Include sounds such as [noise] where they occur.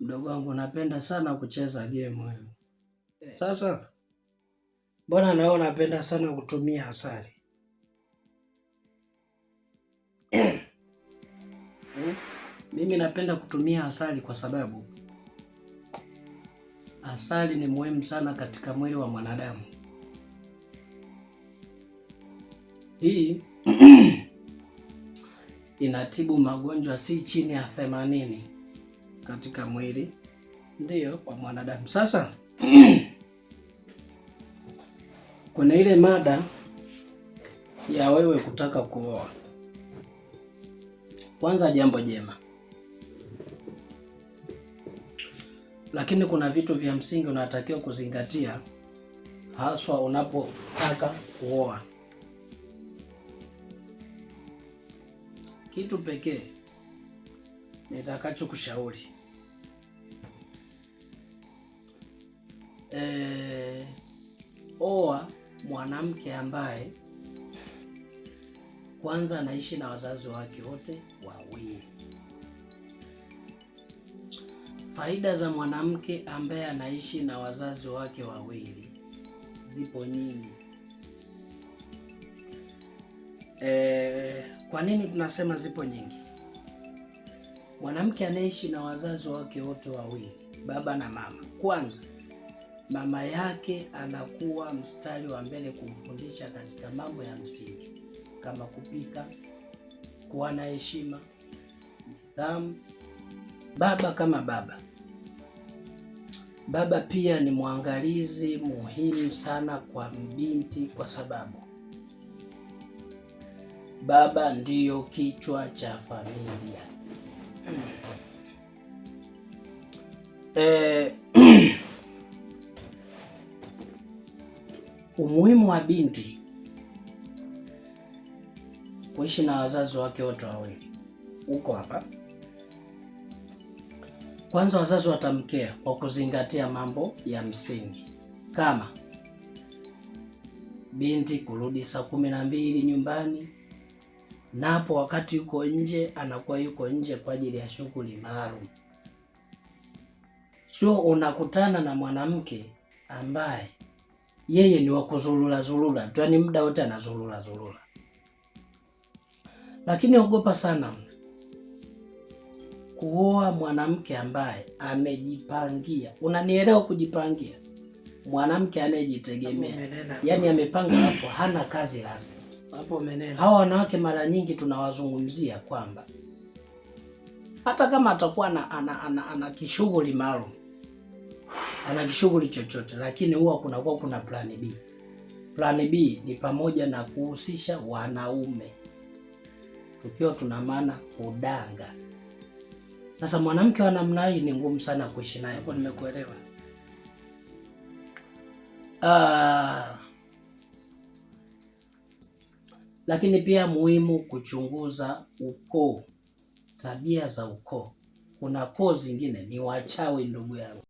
Mdogo wangu napenda sana kucheza game wewe. Eh. Sasa mbona nawe unapenda sana kutumia asali? Hmm? Mimi napenda kutumia asali kwa sababu asali ni muhimu sana katika mwili wa mwanadamu. Hii [clears throat] inatibu magonjwa si chini ya themanini katika mwili ndiyo kwa mwanadamu. Sasa [clears throat] kuna ile mada ya wewe kutaka kuoa. Kwanza jambo jema, lakini kuna vitu vya msingi unatakiwa kuzingatia, haswa unapotaka kuoa. Kitu pekee nitakacho kushauri e, eh, oa mwanamke ambaye kwanza anaishi na wazazi wake wote wawili. Faida za mwanamke ambaye anaishi na wazazi wake wawili zipo nyingi. E, kwa nini tunasema zipo nyingi? Mwanamke anaishi na wazazi wake wote wawili, baba na mama. Kwanza, mama yake anakuwa mstari wa mbele kumfundisha katika mambo ya msingi kama kupika, kuwa na heshima, nidhamu. Baba kama baba, baba pia ni mwangalizi muhimu sana kwa binti, kwa sababu baba ndiyo kichwa cha familia. Eh, [clears throat] umuhimu wa binti kuishi na wazazi wake wote wawili uko hapa. Kwanza, wazazi watamkea kwa kuzingatia mambo ya msingi kama binti kurudi saa kumi na mbili nyumbani na hapo wakati yuko nje anakuwa yuko nje kwa ajili ya shughuli maalum. Sio unakutana na mwanamke ambaye yeye ni wa kuzurura zurura tu, yaani muda wote anazurura zurura. Lakini ogopa sana kuoa mwanamke ambaye amejipangia. Unanielewa? Kujipangia, mwanamke anayejitegemea, yani amepanga, alafu hana kazi lazima hapo umenena. Hawa wanawake mara nyingi tunawazungumzia kwamba hata kama atakuwa na, ana, ana, ana kishughuli maalum ana kishughuli chochote, lakini huwa kunakuwa kuna plan B. Plan B ni pamoja na kuhusisha wanaume, tukiwa tuna maana kudanga. Sasa mwanamke wa namna hii ni ngumu sana kuishi naye. Nimekuelewa. Ah, Lakini pia muhimu kuchunguza ukoo, tabia za ukoo. Kuna koo zingine ni wachawi, ndugu yangu.